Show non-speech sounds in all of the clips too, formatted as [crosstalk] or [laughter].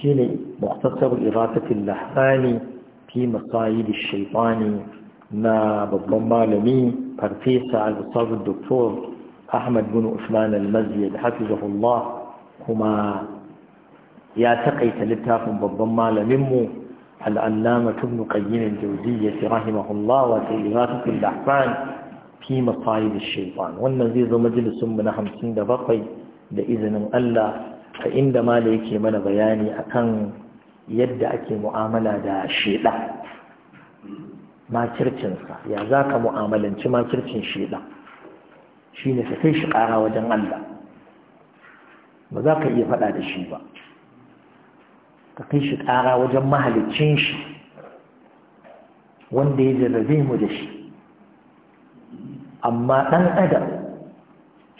shine muhtasar irasatul lahfani fi masayid ash-shaytani na babban malami farfesa al-ustad doktor ahmad bin usman al-mazid hafizahullah kuma ya takaita littafin babban malamin mu al-allama ibn qayyim al-jawziyyah rahimahullah wa irasatul fi masayid ash-shaytan wannan zai zo majalisun mu na 57 da izinin Allah a inda ma da yake mana bayani akan yadda ake mu'amala da sheda makircinsa ya za ka mu'amalanci makircin sheda shi ne ka kai shi ƙara wajen Allah ba za ka iya faɗa da shi ba ka kai shi ƙara wajen mahalicin shi wanda ya jarrabe mu da shi amma ɗan adam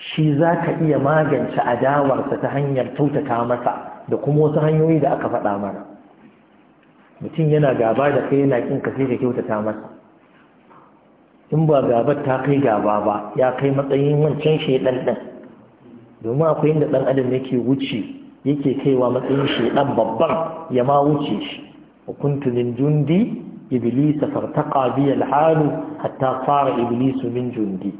shi za ka iya magance adawarsa ta hanyar kyautata masa da kuma wasu hanyoyi da aka faɗa mana mutum yana gaba da kai yana ƙin ka sai ka kyautata masa in ba gabar ta kai gaba ba ya kai matsayin wancan shaiɗan ɗin domin akwai inda ɗan adam yake wuce yake kaiwa matsayin ɗan babban ya ma wuce shi hukuntu min jundi iblisa fartaka bi halu hatta fara iblisu min jundi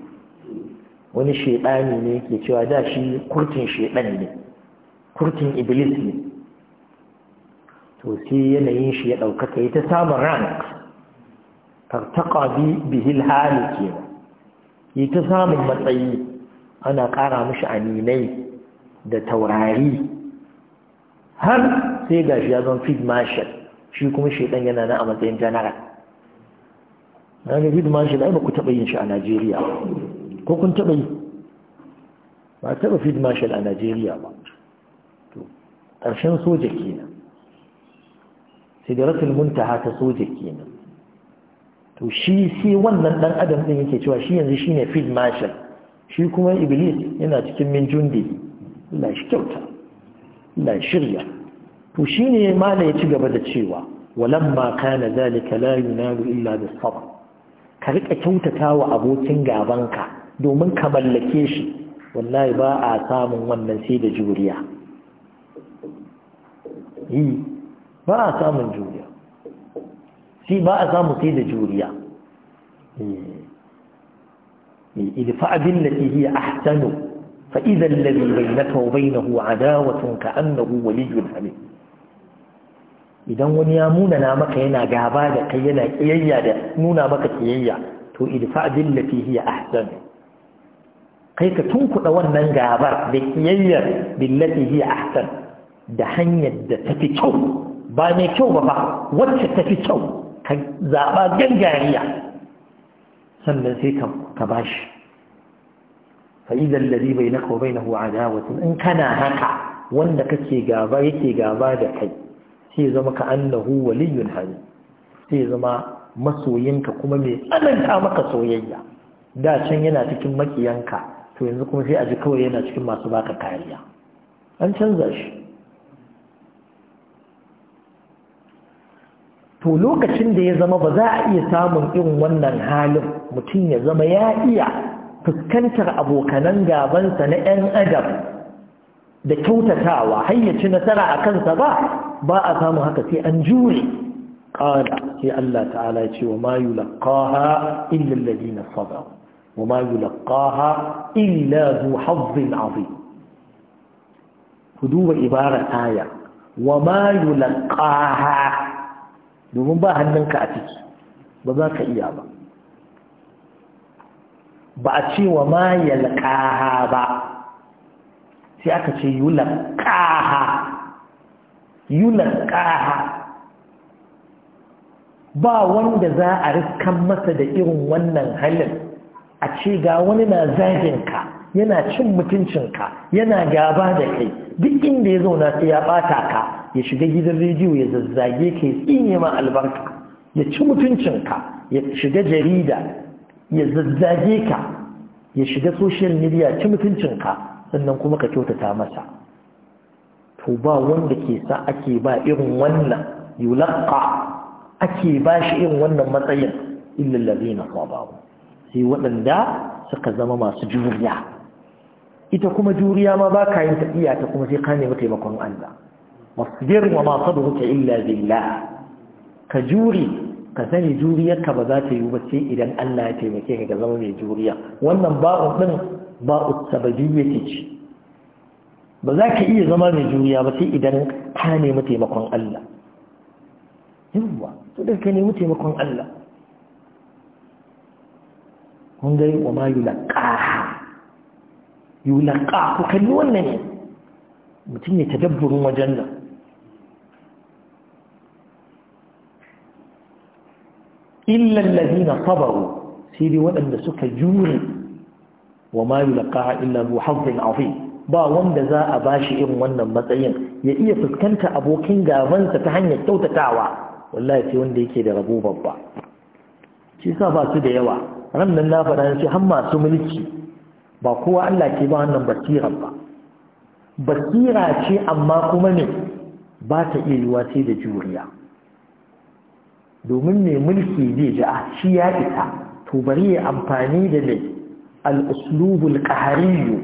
wani shaidani ne ke cewa da shi kurtin shaidan ne kurtin iblis ne to sai yanayin shi ya ɗaukaka ya ta samun rank tartaka bihil hali ke yi ta samun matsayi ana ƙara mashi aninai da taurari har sai ga shi ya zan field marshal shi kuma shaidan yana na a matsayin general na ga field marshal ai ba ku taɓa yin shi a najeriya ko kun taɓa yi ba taɓa field marshal a najeriya ba to ƙarshen soja kenan sidratul muntaha ta soja kenan to shi sai wannan dan adam din yake cewa shi yanzu shine field marshal shi kuma iblis yana cikin min jundi Allah shi kyauta Allah shirya to shine mala ya ci gaba da cewa walamma kana zalika la yunalu illa bis sabr ka rika kyautatawa abokin gabanka domin ka mallake shi wallahi ba a samun wannan sai da juriya yi ba a samun juriya sai ba a samun sai da juriya abin idan wani ya nuna na maka yana gaba da kai yana kiyayya da nuna maka ƙiyayya, to idfa abin yi hiya ahsanu kai ka tunkuɗa wannan gabar da ƙiyayyar billati hi ahsan da hanyar da tafi kyau ba mai kyau ba ba wacce tafi kyau ka zaɓa gangariya sannan sai ka bashi fa'idan lari bai na kawai na adawatin in kana haka wanda kake gaba yake gaba da kai sai zama ka annahu waliyun hari sai zama masoyinka kuma mai tsananta maka soyayya da can yana cikin makiyanka to yanzu kuma sai a ji kawai yana cikin masu baka kariya an canza shi to lokacin da ya zama ba za a iya samun irin wannan halin mutum ya zama ya iya fuskantar abokanan gabansa na 'yan adam da kyautatawa hayyaci nasara a kansa ba ba a samun haka sai an jure ƙada sai Allah ta'ala ce wa mayu laƙaha illalladi na sabawa وما يلقاها إلا ذو حظ عظيم هدوء عبارة آية وما يلقاها domin ba hannunka a ciki ba za ka iya ba ba a ce wa ma ba sai aka ce yulqaha yulqaha ba wanda za a riskan masa da irin wannan halin a ce ga wani na zaginka yana cin mutuncinka yana gaba da kai duk inda ya zauna sai ya bata ka ya shiga gidan rediyo ya zazzage ka ya tsine ma albarka ya ci mutuncinka ya shiga jarida ya zazzage ka ya shiga social media ci mutuncinka sannan kuma ka kyautata masa to ba wanda ke sa ake ba irin wannan yulaqa ake ba shi irin wannan matsayin illal ladina sabaru sai waɗanda suka zama masu juriya ita kuma juriya ma ba ka yin tafiya ta kuma sai ka nemi taimakon Allah wasbir wa ma sabruka illa billah ka juri ka sani ka ba za ta yi ba sai idan Allah ya taimake ka zama mai juriya wannan ba'u din ba'u sababiyya ce ba za ka iya zama mai juriya ba sai idan ka nemi taimakon Allah yawa to da ka nemi taimakon Allah kun ga wa ma yulaqaha yulaqa ku kalli wannan ne mutum ya tadabburin wajen nan illa alladhina sabaru sai dai waɗanda suka jure wa ma yulaqaha illa bu hazzin azim ba wanda za a bashi irin wannan matsayin ya iya fuskanta abokin gabansa ta hanyar kyautatawa wallahi sai wanda yake da rabo babba shi sa ba su da yawa Ramdan na faɗa ya ce har masu mulki ba kowa Allah ke ba wannan basira ba basira ce amma kuma ne ba ta iya yiwa sai da juriya domin mai mulki zai ji a ah, shi ya ita to bari ya amfani da ne al'uslubul ƙahariyu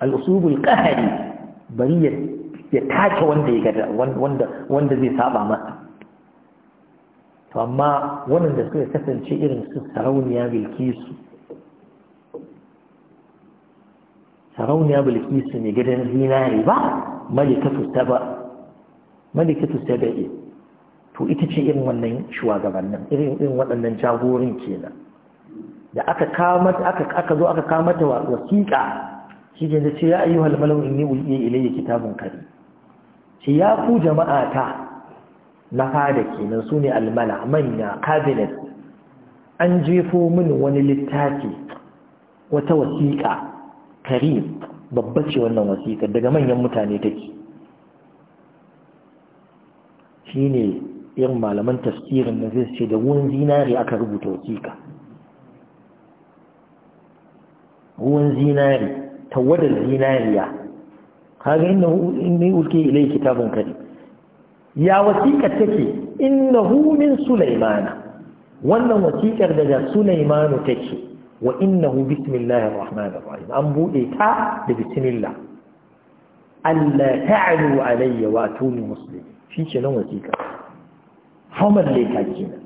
al'uslubul ƙahari bari ya tace wanda wanda zai saba masa to amma waɗanda suka kasance irin su sarauniya bilkisu sarauniya bilkisu ne gidan zinari ba malikatu saba malikatu saba'i to ita ce irin wannan shugabannin irin irin waɗannan jagorin kenan da aka kama aka aka zo aka kama ta wasiƙa shi ne da ce ya ayyuhal malau inni ulie ilayya kitabun kari shi ya ku jama'ata na fada kenan su ne almala manya cabinet an jefo min wani littafi wata wasiƙa karim babba ce wannan wasiƙa daga manyan mutane take shi ne irin malaman tafsirin na zai ce da ruwan zinari aka rubuta wasiƙa ruwan zinari tawadar zinariya kaga inda ne ulke ilai kitabun karim ya wasiƙa take innahu min sulaimana wannan wasiƙar daga sulaimanu take wa innahu bismillahir rahmanir rahim an bude ta da bismillah Allah ta'alu alayya wa atuni muslim shi ce nan wasiƙa homar leta kenan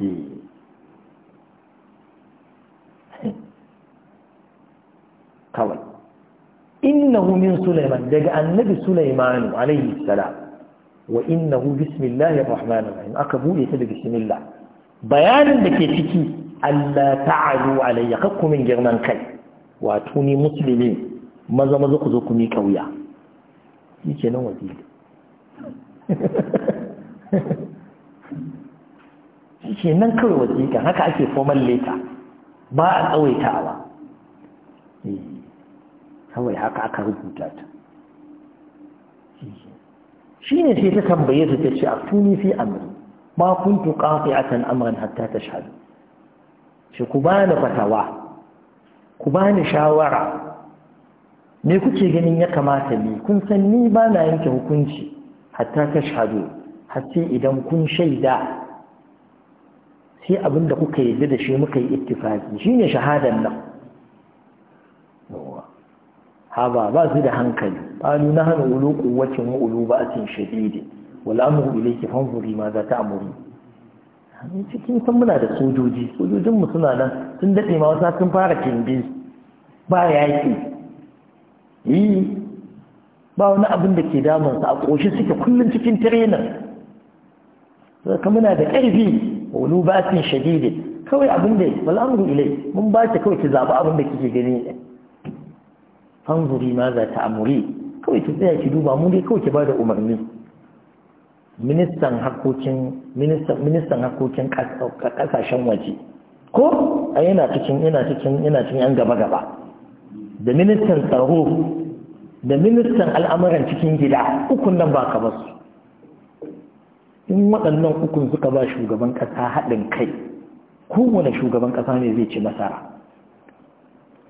eh. [laughs] kawai innahu min sulaiman daga annabi sulaimanu alayhi salam wa innahu bismillahir rahmanir rahim aka buɗe ta da bismillah bayanin da ke ciki Allah ta'alu alayya kakku min girman kai wato ni musulmi maza maza ku zo ku mi kauya shi nan waje [laughs] shi nan kawai waje kan haka ake formal leta ba a tsawaitawa eh, kawai haka aka rubuta ta shine sai ta tambaye su ta ce a tuni fi amri ma kuntu qati'atan amran hatta tashhad shi ku bani fatawa ku bani shawara me kuke ganin ya kamata ni kun san ni ba na yanke hukunci hatta tashhadu har sai idan kun shaida sai abin da kuka yi da shi muka yi ittifaki shine shahadan nan haba ba su da hankali قالوا نحن أولو قوة وأولو بأس شديد والأمر إليك فانظري ماذا تأمري cikin san muna da sojoji sojojinmu suna nan sun daɗe ma wasu sun fara kimbi ba yaƙi yi ba wani abin da ke damunsa a ƙoshi suke kullum cikin tirenin zaka muna da ƙarfi wani batin shadidi kawai abin da wal'amuru ilai mun ba ta kawai ki zaɓi abin da kike gani fanzuri ma za ta amuri kawai ki tsaya ki duba mu dai kawai ki bada umarni ministan hakokin ministan kasashen waje ko a yana cikin yana cikin yana cikin yan gaba gaba da ministan tsaro da ministan al'amuran cikin gida ukun nan ba ka ba su. in waɗannan ukun suka ba shugaban ƙasa haɗin kai kowane shugaban ƙasa ne zai ci nasara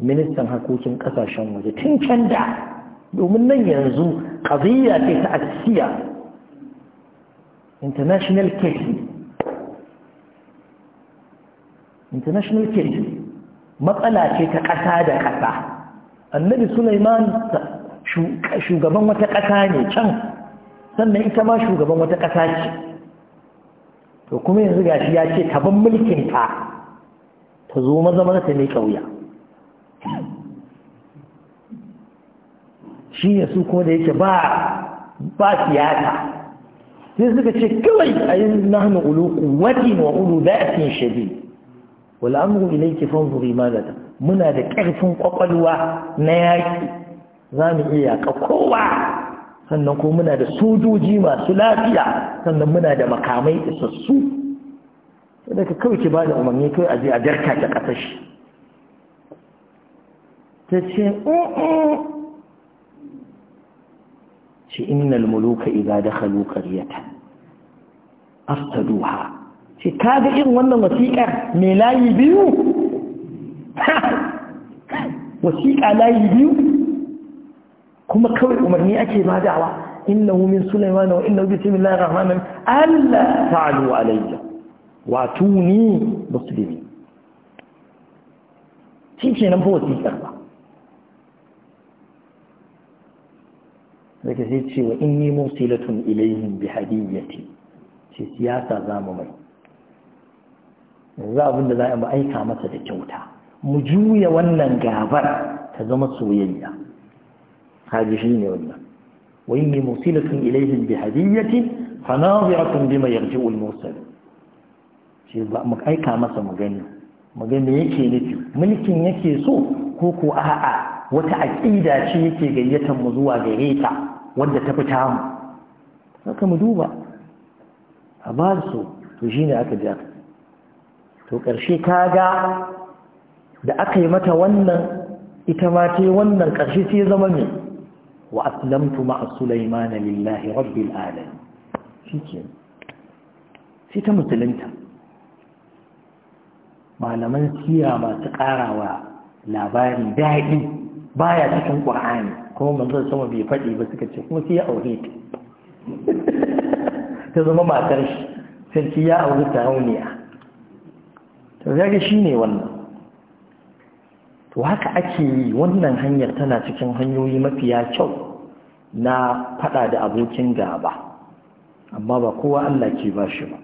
ministan hakokin ƙasashen waje tun can da domin nan yanzu ƙaziyya ce ta asiya international case international case matsala ce ta ƙasa da ƙasa annabi suleiman shugaban wata ƙasa ne can sannan ita ma shugaban wata ƙasa ce to kuma yanzu gashi ya ce taban mulkinta ta zo maza ne ƙauya shi ne su kuma da yake ba siyasa sai suka ce kawai a yi nahnu ulu kuwatin wa ulu da'atin an wal amru ke fanzuri ma zata muna da karfin kwakwalwa na yaki za mu iya ka kowa sannan ko muna da sojoji masu lafiya sannan muna da makamai isassu da ka kawai ki ba da umarni kawai a je a jarka ta kasar shi ta ce ce innal muluka idza dakhalu qaryatan afsaduha ce kaga irin wannan wasiƙar me layi biyu [laughs] wasiƙa layi biyu kuma kawai umarni ake badawa innahu min sulaiman wa innahu bismillahir rahmanir Allah alla ta'alu alayya wa tuni muslimin shi kenan fa wasiƙar ba daga sai ce wa inni musilatun ilaihim bi hadiyyati ce siyasa za mu mai yanzu abinda da za mu aika masa da kyauta mu juya wannan gabar ta zama soyayya haji shi ne wannan wa inni musilatun ilaihim bi hadiyyati fa naziratun bima yarji'u al-mursal ce ba mu aika masa mu gani mu gani yake nufi mulkin yake so ko ko a'a wata aƙida ce yake gayyatar mu zuwa gare ta wanda ta fita mu haka mu duba a ba su to ne aka ja to ƙarshe ga da aka yi mata wannan ita ma wannan ƙarshe sai zama ne wa aslamtu ma'a sulaimana lillahi rabbil alamin shike sai ta musulunta malaman siya masu ƙarawa labarin daɗi baya cikin qur'ani kuma manzo sama bai faɗi ba suka ce kuma sai ya aure ta [laughs] ta zama matar shi sarki ya aure ta rauniya to shi shine wannan to haka ake yi wannan hanyar tana cikin hanyoyi mafiya kyau na faɗa da abokin gaba amma ba kowa Allah ke ba shi ba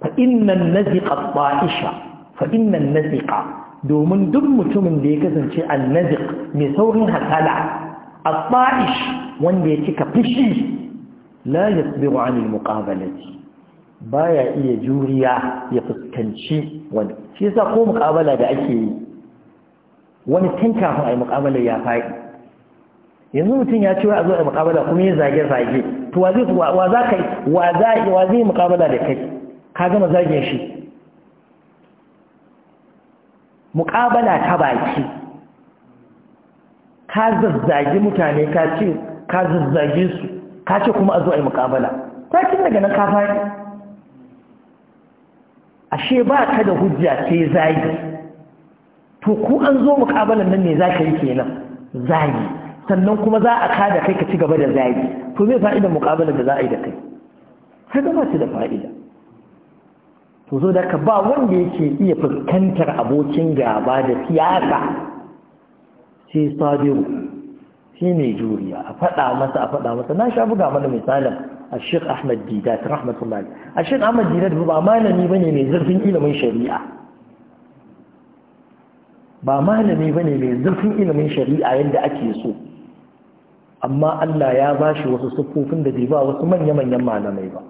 fa innan naziqa ta'isha fa innan domin duk mutumin da ya kasance annazik mai saurin hasala الطائش wanda ya cika fishi la yasbiru anil muqabalati baya iya juriya ya fuskanci wani shi yasa ko muqabala da ake yi wani tun kafin yi muqabala ya faɗi yanzu mutum ya ce wa zo ai muqabala kuma ya zage zage to wa zai wa za kai wa za wa zai muqabala da kai ka gama zage shi muƙabala ta baki ka zazzagi mutane ka ce ka zazzage su ka ce kuma a zo a yi muƙabala ce daga nan ka faɗi ashe ba ka da hujja sai zagi to ku an zo muƙabalan nan ne za ka yi kenan zagi sannan kuma za a kada kai ka ci gaba da zagi to zai fa'idan muƙabalan da za a yi da kai sai ba su da fa'ida to so da ka ba wanda yake iya fuskantar abokin gaba da siyasa sai sabiru shi ne juriya a faɗa masa a faɗa masa na sha buga mana misalin a shek ahmad didat rahmatullahi a shek ahmad didat ba malami bane mai zurfin ilimin shari'a ba malami bane mai zurfin ilimin shari'a yadda ake so amma Allah ya bashi wasu siffofin da bai ba wasu manya-manyan malamai ba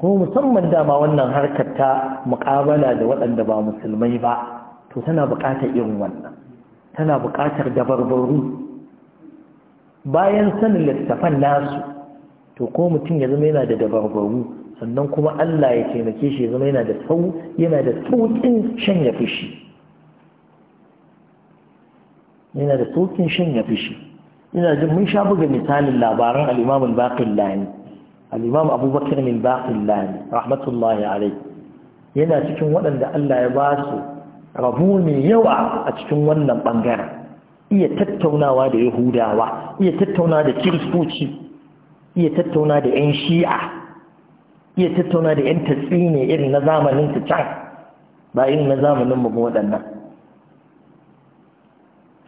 Kuma musamman dama wannan harkar ta muƙabala da waɗanda ba musulmai ba to tana buƙatar irin wannan tana buƙatar dabarbaru bayan sanin littafan nasu to ko mutum ya zama yana da dabarbaru sannan kuma Allah ya taimake shi ya zama yana da sau yana da sauƙin shanya fushi yana da sauƙin shanya fushi ina jin mun sha buga misalin labaran al-Imam al-Baqillani al'imam abubakar min baƙin rahmatullahi alai yana cikin waɗanda Allah ya ba su rabu mai yawa a cikin wannan ɓangaren iya tattaunawa da yahudawa iya tattauna da kiristoci iya tattauna da 'yan shi'a iya tattauna da 'yan tatsine irin na zamanin ta can ba irin na zamanin mu waɗannan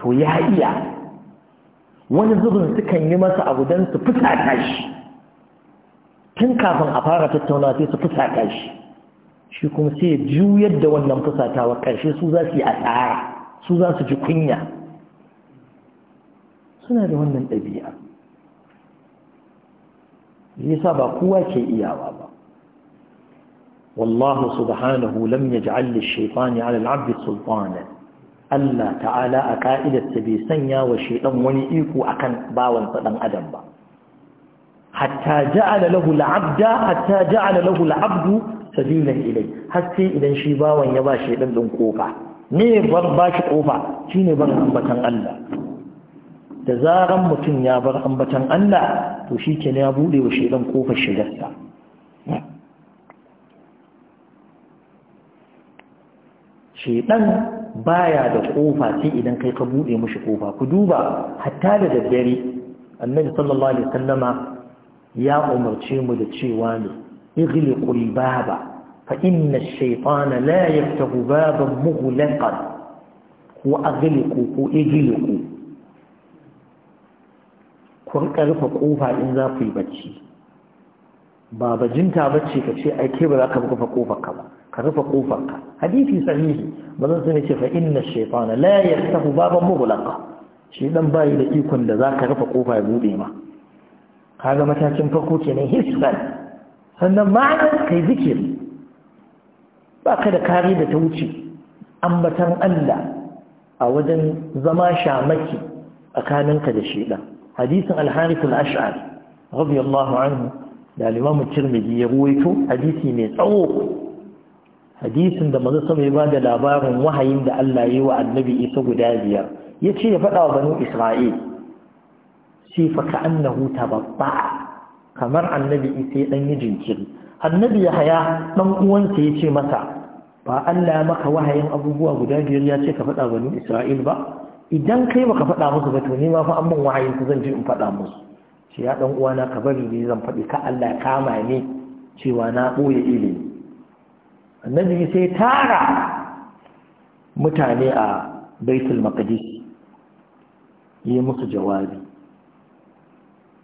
to ya iya wani zubin sukan yi masa abu don su fusata shi tun kafin a fara tattauna sai su a shi shi kuma sai ya juyar da wannan fusatawa ƙarshe su za yi asara su za ji kunya suna da wannan ɗabi'a yasa ba kowa ke iyawa ba wallahu subhanahu lam yaj'al lish-shaytani 'ala al-'abdi sultana Allah ta'ala a ka'idar bai sanya wa shaidan wani iko akan bawansa sa dan adam ba hatta ja'ala lahu al'abda hatta ja'ala lahu al'abdu sabilan ilai har idan shi bawan ya ba shi dan kofa ne ban ba shi kofa shine ban ambatan Allah da zaran mutum ya bar ambatan Allah to shi ke ya bude wa shaidan kofar shigarsa shaidan baya da kofa sai idan kai ka bude mishi kofa ku duba hatta da daddare annabi sallallahu alaihi wasallama ya umarce mu da cewa ne ighliqul baba fa inna ash-shaytana la yaftahu baban mughlaqan ko aghliqu ko ighliqu ku rika rufe kofa in za ku yi bacci ba bajinta bacci ka ce ai ke ba za ka rufe kofar ka ba ka rufe kofar ka hadisi sahihi bazan sun ce fa inna ash-shaytana la yaftahu baban mughlaqan shi dan bayi da ikon da za ka rufe kofa ya bude ma kaga matakin farko kenan hisban sannan ma'anar kai zikir ba ka da kare da ta wuce ambatan Allah a wajen zama shamaki tsakaninka da shi ɗan hadisin alharif al-ash'ari Allahu anhu da limamu tirmidhi ya ruwaito hadisi mai tsawo hadisin da manzo sama ba bada labarin wahayin da Allah ya yi wa annabi Isa guda biyar yace ya faɗa wa Isra'il ka fa ka annahu tababba kamar annabi isa ya dan yi jinkiri annabi ya haya dan uwansa ya ce masa ba Allah ya maka wahayin abubuwa guda biyar ya ce ka faɗa bani Isra'il ba idan kai baka faɗa musu ba to ni ma fa an wahayin ku zan je in faɗa musu ce ya dan uwana ka bari ne zan faɗi ka Allah ya kama ne. cewa na ɓoye ilimi annabi sai tara mutane a baitul maqdis yi musu jawabi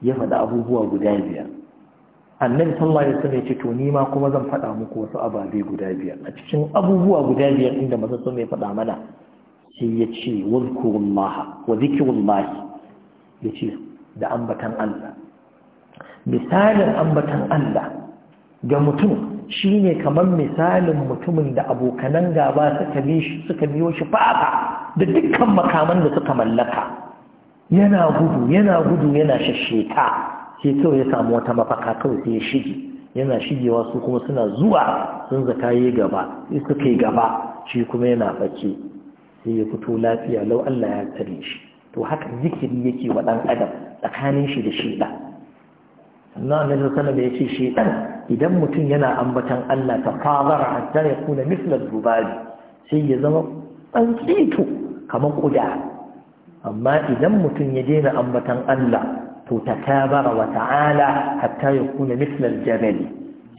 ya faɗi abubuwa guda biyar annabi sallallahu alaihi wasallam ya ce to ni ma kuma zan faɗa muku wasu ababe guda biyar a cikin abubuwa guda biyar inda manzon sallallahu ya faɗa mana sai ya ce wazkurullah wa zikrullah ya ce da ambatan Allah misalin ambatan Allah ga mutum shine kamar misalin mutumin da abokanan gaba suka bi shi suka biyo shi fafa da dukkan makaman da suka mallaka yana gudu yana gudu yana shasheta sai kawai ya samu wata mafaka kawai sai ya shige yana shigewa su kuma suna zuwa sun zaka yi gaba sai suka yi gaba shi kuma yana bace sai ya fito lafiya lau Allah ya tare shi to haka zikiri yake wa dan adam tsakanin shi da sheda sannan annabi sallallahu alaihi wasallam ya ce dan idan mutum yana ambatan Allah ta fazara hatta ya kuna misla Dubali, sai ya zama tsantsito kamar kuda amma idan mutum ya daina ambatan Allah to kabara wa ta'ala hatta ya kuna mislal jabali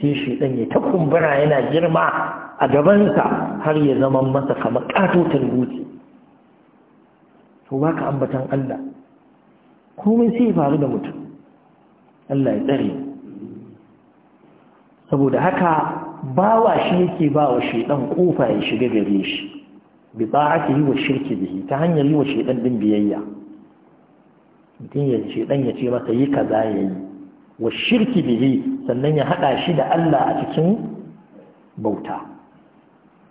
sai shi dan ya ta kumbura yana girma a gabansa har ya zama masa kamar katotan dutse to baka ambatan Allah komai sai faru da mutum Allah ya tsare saboda haka bawa shi yake bawa wa ɗan kofa ya shiga gare shi bi yi wa shirki bihi ta hanyar yi wa shedan din biyayya mutum ya shedan ya ce masa yi kaza yayi wa shirki bihi sannan ya haɗa shi da Allah a cikin bauta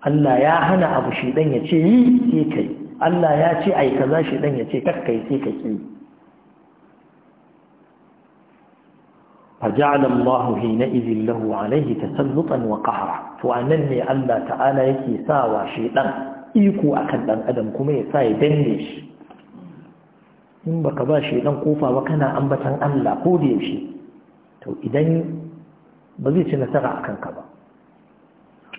Allah ya hana abu shedan ya ce yi sai kai Allah ya ce ai kaza shedan ya ce kakkai sai ka ki فجعل الله حينئذ له عليه تسلطا وقهرا فأنني Ta'ala تعالى يكي ساوى شيئا iko akan ɗan adam kuma ya sa ya danne shi in baka ba shi ɗan kofa ba kana ambatan Allah ko da yaushe to idan ba zai ci nasara akan ka ba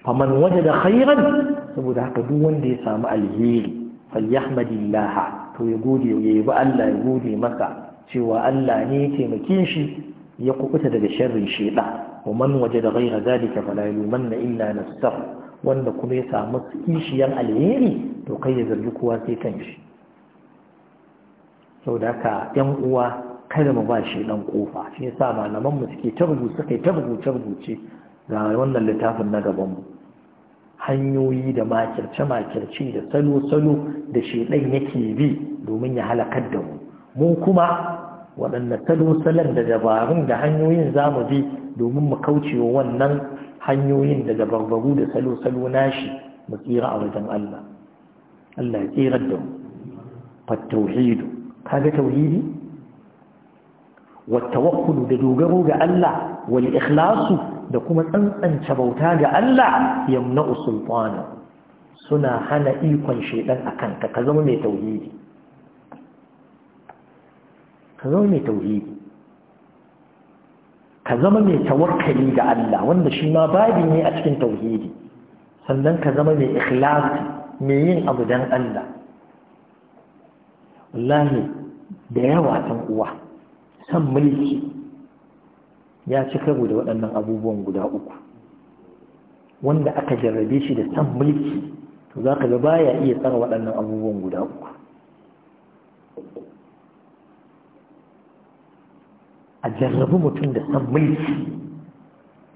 faman waje da khairan saboda haka duk wanda ya samu alheri falyahmadillah to ya gode ya ba Allah ya gode maka. cewa Allah ne ya taimake shi ya kubuta daga sharrin sheda wa man waje da ghaira zalika fala na illa nafsahu wanda kuma ya samu kishiyan alheri to kai ya zargi kowa sai kan shi sau da ka yan uwa kada mu ba shi dan kofa shi sa malaman mu suke ta rubuce suke ta rubuce rubuce ga wannan littafin na gaban mu hanyoyi da makirce makirce da salo salo da shedan yake bi domin ya halakar da mu mu kuma waɗannan salo salon da dabarun da hanyoyin za mu bi domin mu kaucewa wannan hanyoyin da dabarbaru da salo-salo nashi mu tsira a wajen Allah Allah ya tsirar da mu fattauhidu kaga tauhidi wattawakkulu da dogaro ga Allah wal ikhlasu da kuma tsantsance bauta ga Allah yamna'u sultana suna hana ikon shedan a kanka. ka zama mai tauhidi ka zama mai tauhidi ka zama mai tawakkali ga Allah wanda shi ma babi ne a cikin tauhidi sannan ka zama mai ikhlasi mai yin abu dan Allah wallahi da yawa san uwa san mulki ya ci karo da waɗannan abubuwan guda uku wanda aka jarrabe shi da san mulki to za ka ga baya iya tsara waɗannan abubuwan guda uku a jarrabi mutum da san mulki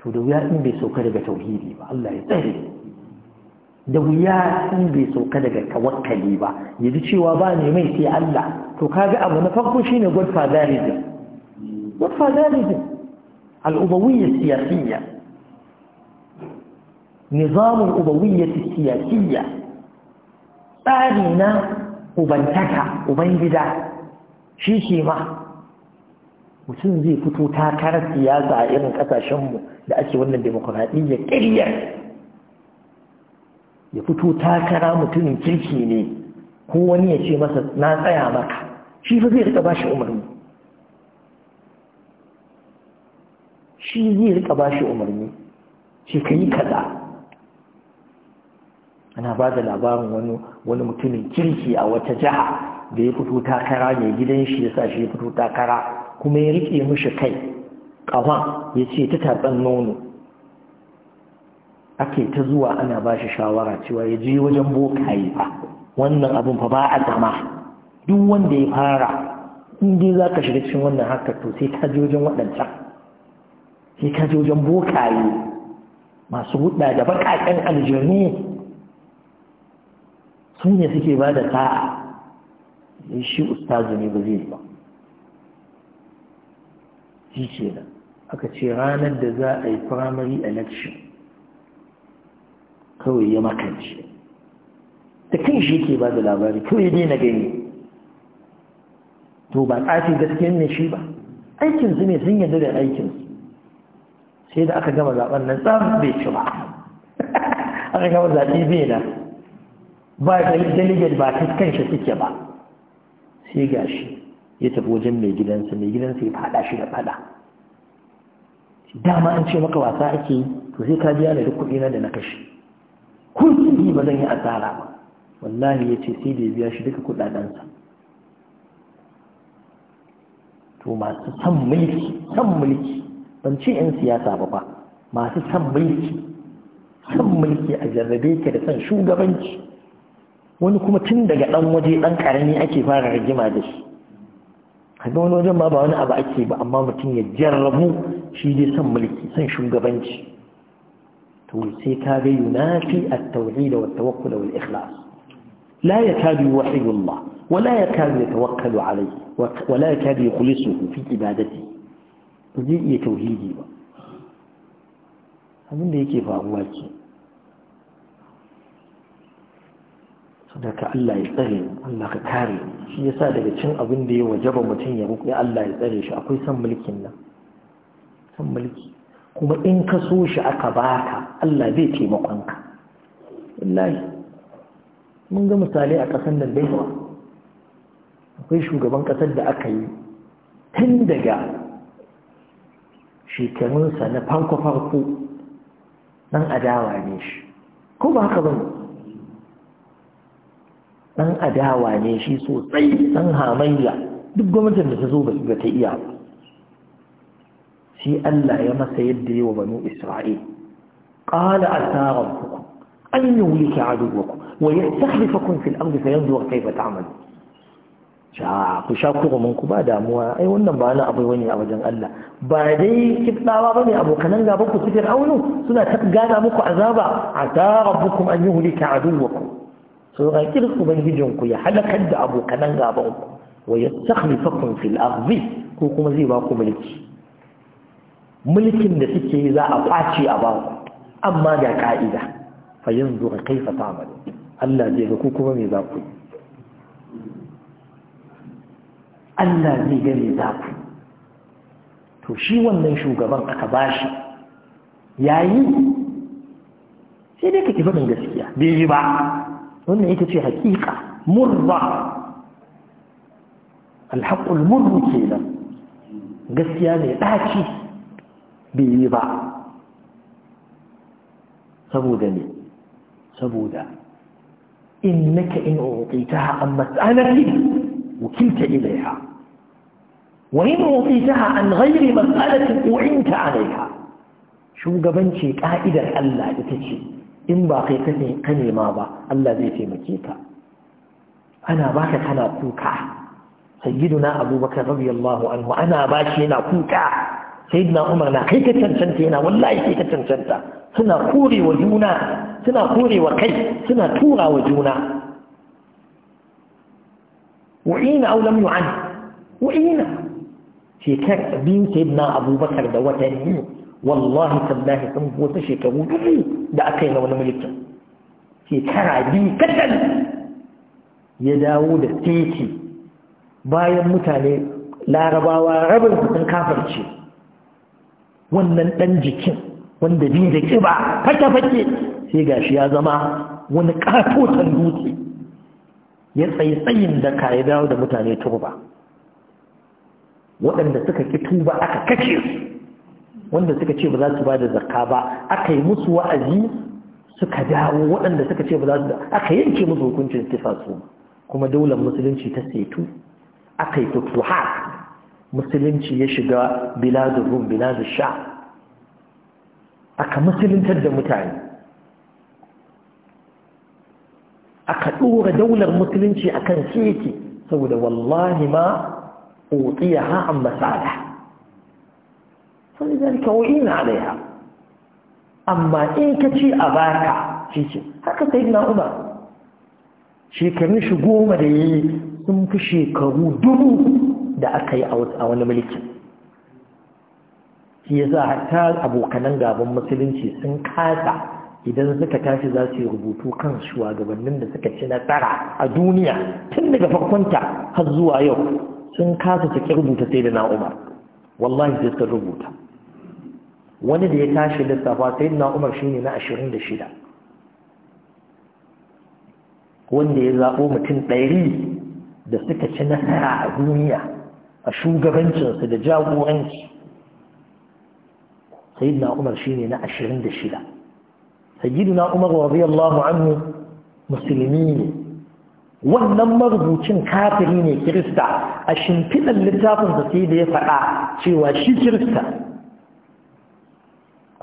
to da wuya in bai sauka daga tauhidi ba Allah ya tsare da wuya in bai sauka daga tawakkali ba ya ji cewa ba ne mai sai Allah to kaga abu na farko shine godfatherism godfatherism al'ubawiyya siyasiyya nizamun ubawiyya siyasiyya tsari na ubantaka ubangida shi ke mutum zai fito takarar siyasa a irin kasashenmu da ake wannan demokuraɗiyyar ƙiryar ya fito takara mutumin kirki ne ko wani ya ce masa na tsaya maka shi fa zai rika ba shi umarni shi zai rika ba shi umarni shi ka yi kaza ana ba da labarin wani mutumin kirki a wata jiha da ya fito takara mai gidan shi ya sa shi ya fito takara kuma ya riƙe mishi kai ƙawa ya ce ta taɓar nono ake ta zuwa ana ba shi shawara cewa ya je wajen bokaye ba wannan abin fa ba a zama duk wanda ya fara in za ka shiga cikin wannan haka to sai ka je wajen waɗancan sai ka je wajen bokaye masu hudu da baƙaƙen aljanu sun ne suke ba da sa'a shi ustazu ne ba zai ba shi aka ce ranar da za a yi primary election kawai ya makanci da kan shi ke ba da labari kawai ya na gani to ba tsafi gaske ne shi ba aikinsu ne sun yadda da aikinsu sai da aka gama zaben nan tsam bai ci ba [laughs] aka gama zaɓi bai na ba yi ba ta shi suke ba sai gashi ya tafi wajen mai gidansa mai gidansa ya fada shi da fada dama an ce maka wasa ake to sai ka biya da duk na da na kashe kun yi ba zan yi asara ba wallahi ya ce sai da ya biya shi duka kuɗaɗensa to masu san mulki san mulki ban ce 'yan siyasa ba ba masu san mulki san mulki a jarrabe ka da san shugabanci wani kuma tun daga ɗan waje ɗan ƙarami ake fara rigima da shi kaga wani wajen ma ba wani abu ake ba amma mutum ya jarrabu shi dai san mulki san shugabanci to sai ka ga yunafi at-tauhid wa at-tawakkul wa al-ikhlas la yakadu yuwahhidu Allah wa la yakadu yatawakkalu alayhi wa la yakadu yukhlisuhu fi ibadati to zai iya tauhidi ba abin da yake faruwa ke sadaka Allah ya tsare Allah ka kare shi yasa daga cin abin da ya ba mutum ya ya Allah ya tsare shi akwai san mulkin nan san mulki kuma in ka so shi aka baka Allah zai taimakon ka wallahi mun ga misali a ƙasar nan dai akwai shugaban ƙasar da aka yi tun daga shekarunsa na farko-farko nan adawa ne shi ko ba haka ba ɗan adawa ne shi sosai ɗan hamayya duk gwamnatin da ta zo ba ta iya ba shi Allah ya masa yadda yi wa banu Isra'il qala asarakum an yi yulika aduwakum wa yastahlifakum fil ardi fayanzur kayfa ta'malu ja ku sha kurumin ku ba damuwa ai wannan ba na abai wani a wajen Allah ba dai ba bane abokanan gaban ku su fir'aunu suna ta gana muku azaba asa rabbukum an yi yuhlika aduwakum so raƙir ubangijinku ya halakar da abokanan gabanku wa ya takhlifakum fil ardi ko kuma zai ba ku mulki mulkin da suke za a kwace a baku amma ga ka'ida fa yanzu ka kaifa ta'malu Allah zai ga ku kuma me za ku yi Allah zai ga me za ku to shi wannan shugaban aka bashi yayi sai dai ka tafi gaskiya bai yi ba wannan ita ce haƙiƙa murra alhaƙul murru ke nan gaskiya mai ɗaci bai yi ba saboda ne saboda innaka in uqitaha an mas'alati wukilta ilayha wa in uqitaha an ghairi mas'alatin u'inta alayha shugabanci ka'idar Allah ita ce in ba kai ka nema ba Allah zai taimake ka ana baka kana kuka sayyiduna abubakar radiyallahu anhu ana baki yana kuka sayyidina umar na kai ka cancanta yana wallahi kai ka cancanta suna kore wa juna suna kore wa kai suna tura wa juna wa'ina aw lam yu'an wa'ina shekar bin sayyidina abubakar da watanni wallahi tallahi sun wata shekaru dubu da aka yi na wani mulkin shekara biyu kadan ya dawo da titi bayan mutane larabawa rabin sun kafarce wannan dan jikin wanda bi da ƙiba kaka fake sai gashi ya zama wani katotan dutse ya tsaitsayin da ka ya dawo da mutane turba waɗanda suka ki tuba aka kace su wanda suka ce ba za su ba da zakka ba aka yi musu wa'azi suka dawo waɗanda suka ce ba za su da aka yanke musu hukuncin kisa su kuma daular musulunci ta setu aka yi futuha musulunci ya shiga biladun rum biladun sha aka musuluntar da mutane aka ɗora daular musulunci akan keke saboda wallahi ma ƙoƙiya ha'an masala ولذلك وإن عليها أما إن كتي أباك شيء هكذا سيدنا عمر shekarun shi goma da yayi yi sun fi shekaru dubu da aka yi a wani mulki shi ya sa hatta abokanan gaban musulunci sun kasa idan suka tashi za su yi rubutu kan shugabannin da suka ci nasara a duniya tun daga farkonta har zuwa yau sun kasa suke rubuta sai da na'umar wallahi sai suka rubuta wani da ya tashi safa sai na umar shi ne na ashirin da shida wanda ya zaɓo mutum ɗari da suka ci nasara a duniya a shugabancinsu da jagoranci sai na umar shi ne na ashirin da shida na umar wa Biyallahu Anhu musulmi ne wannan marubucin kafiri ne kirista a shimfiɗar littafinsa sai da ya faɗa cewa shi kirista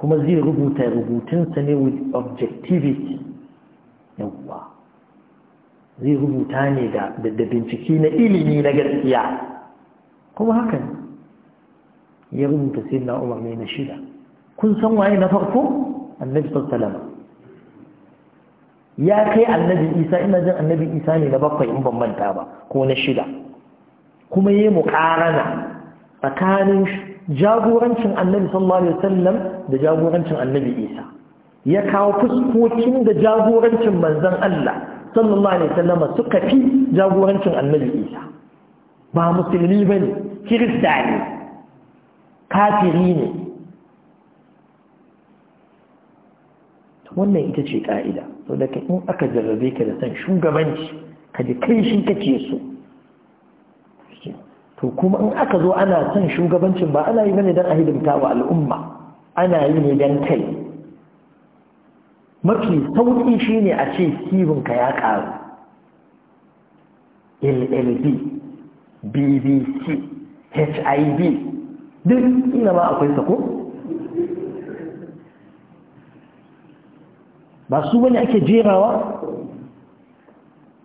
kuma zai rubuta rubutunsa ne with objectivity yawwa zai rubuta ne da bincike na ilimi na gaskiya kuma hakan ya rubuta sai na umar mai na shida kun san waye na farko annabi sallallahu ya kai annabi isa ina jin annabi isa ne na bakwai in ban manta ba ko na shida kuma yayi muqarana tsakanin jagorancin annabi sallallahu alaihi wasallam da jagorancin annabi isa ya kawo fuskokin da jagorancin manzon Allah sallallahu alaihi wasallam suka fi jagorancin annabi isa ba musulmi bane kirista ne kafiri ne wannan ita ce ka'ida saboda in aka jarrabe ka da san shugabanci ka ji kai shi kake so to kuma in aka zo ana son shugabancin ba ana yi bane don a hidimta wa al'umma ana yi ne don kai mafi sauƙi shine a ce ka ya ƙaru llb bbc hiv duk ina ma akwai sako ba su wani ake jerawa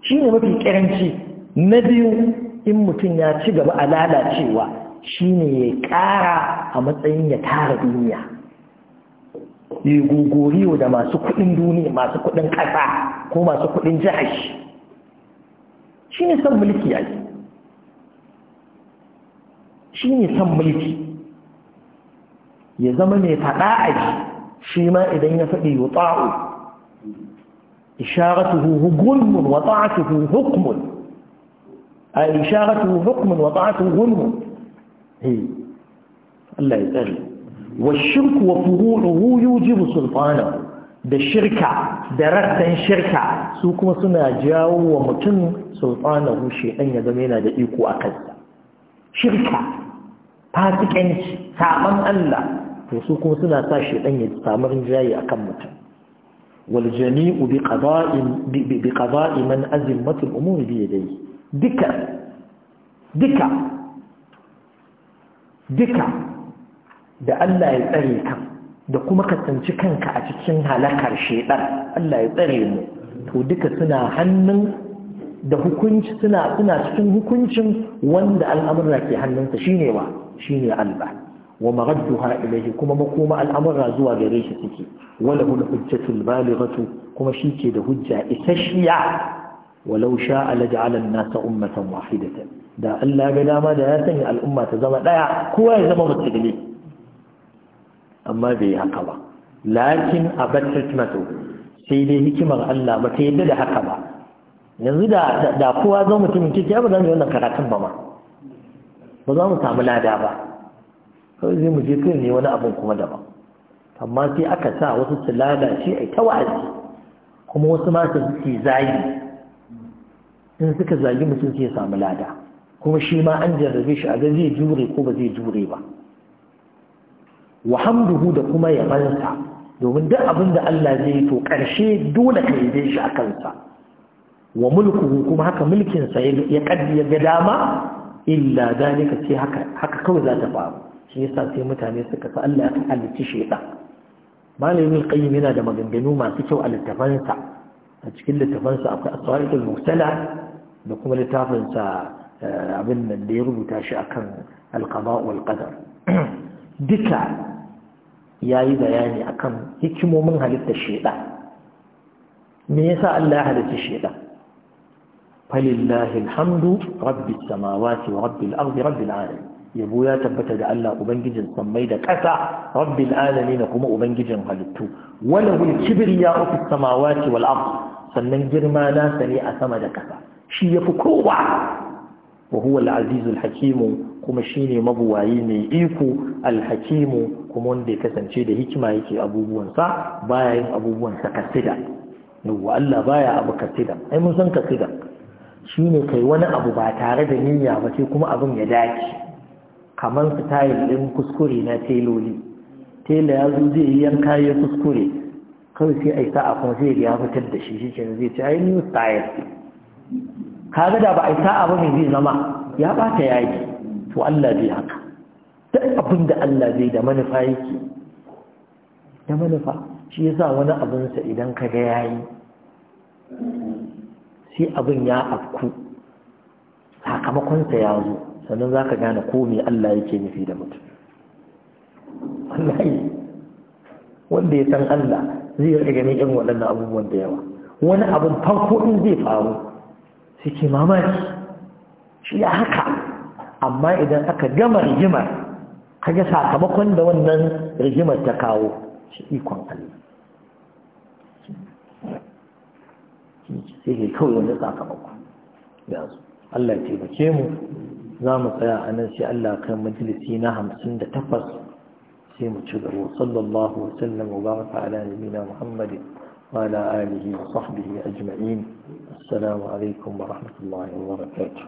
shi ne mafi ƙaranci na biyu in mutum ya ci gaba a lalacewa shi ne ya ƙara a matsayin ya tara duniya ya wa da masu kuɗin duniya masu kuɗin ƙasa ko masu kuɗin jihashi shi ne son mulki ya yi shi ne son mulki ya zama mai faɗa a ji shi ma idan ya faɗi ya ta'o isharatuhu hukumun wa ta'atuhu hukumun اشارته حكم وطاعته ظلم الله يسأل والشرك وفروعه يوجب سلطانه da shirka daraktan shirka su kuma suna jawo wa mutum sultana rushe ɗan ya zama yana da iko a kansa shirka fasikanci saman Allah to su kuma suna sa shi ɗan ya samu rinjaye a kan mutum wal jami'u bi qada'i bi qada'i man azimatul umuri bi duka duka duka da Allah ya tsare kan da kuma ka kanka a cikin halakar shedar Allah ya tsare mu to duka suna hannun da hukunci suna suna cikin hukuncin wanda al'amura ke hannunsa shine ba, shine Allah wa maradduha ilayhi kuma makoma al'amura zuwa gare shi suke wala hujjatul balighatu kuma shi ke da hujja isasshiya walau sha alaja'alan nasa ummatan wahidatan da Allah ga dama da ya sanya al'umma ta zama ɗaya, kowa ya zama musulmi amma bai yi haka ba lakin abat hikmatu sai dai hikimar Allah ba ta yadda da haka ba yanzu da kowa zama mutumin kike ba za mu yi wannan karatun ba ma ba za mu samu lada ba kawai zai mu je kai wani kuma amma sai aka sa wasu su lalace ai wa'azi kuma wasu ma su in suka zagi mutum sai ya samu lada kuma shi ma an jarrabe shi a ga zai jure ko ba zai jure ba wa hu da kuma yabansa domin duk abin da Allah zai yi to ƙarshe dole ka yi shi a kansa wa mulkuhu kuma haka mulkinsa ya kaddi ya ga dama illa dalika sai haka haka kawai za ta faru shi yasa sai mutane suka sa Allah ya halicci shaytan malamin qayyim yana da maganganu masu kyau a littafansa a cikin littafansa akwai aswaritul mustala da kuma littafinsa eh, abin nan da ya rubuta shi akan alqada wal qadar [clears throat] duka yayi bayani akan hikimomin halittar shaytan me yasa Allah ya halitta shaytan falillahi alhamdu rabbis samawati wa rabbil ardi rabbil alamin yabo ya tabbata da Allah ubangijin sammai da ƙasa rabbil alamin kuma ubangijin halittu wala hul kibriya fi samawati wal ard sannan girma na sani a sama da ƙasa shi ya fi kowa wa huwa al-azizul kuma kuma shine mabuwayi mai iko al hakimu kuma wanda ya kasance da hikima yake abubuwansa sa baya yin kasida wa Allah baya abu kasida ai mun san kasida Shi ne kai wani abu ba tare da niyya ba sai kuma abin ya dace kamar style ɗin kuskure na teloli tela ya zo zai yi yanka ya kuskure kawai sai a yi sa'a kuma zai ya fitar da shi shi zai ce ai new style kaga da ba a yi sa'a ba mai zai zama ya bata yaki to Allah zai haka duk abin da Allah zai da manufa yake da manufa shi ya sa wani abinsa idan ka ga yayi sai abin ya afku sakamakonsa ya zo sannan za ka gane ko me Allah yake nufi da mutum wallahi wanda ya san Allah zai rage ne irin waɗannan abubuwan da yawa wani abin farko in zai faru suke mamaki shi ya haka amma idan aka gama rigimar kaga sakamakon da wannan rigimar ta kawo shi ikon Allah sai ke kawai wani sakamakon ya zo Allah ce bake mu za mu tsaya a nan sai Allah kan majalisi na hamsin da takwas sai mu ci gaba sallallahu wasallam wa baraka ala nabiyina muhammadin وعلى آله وصحبه أجمعين السلام عليكم ورحمة الله وبركاته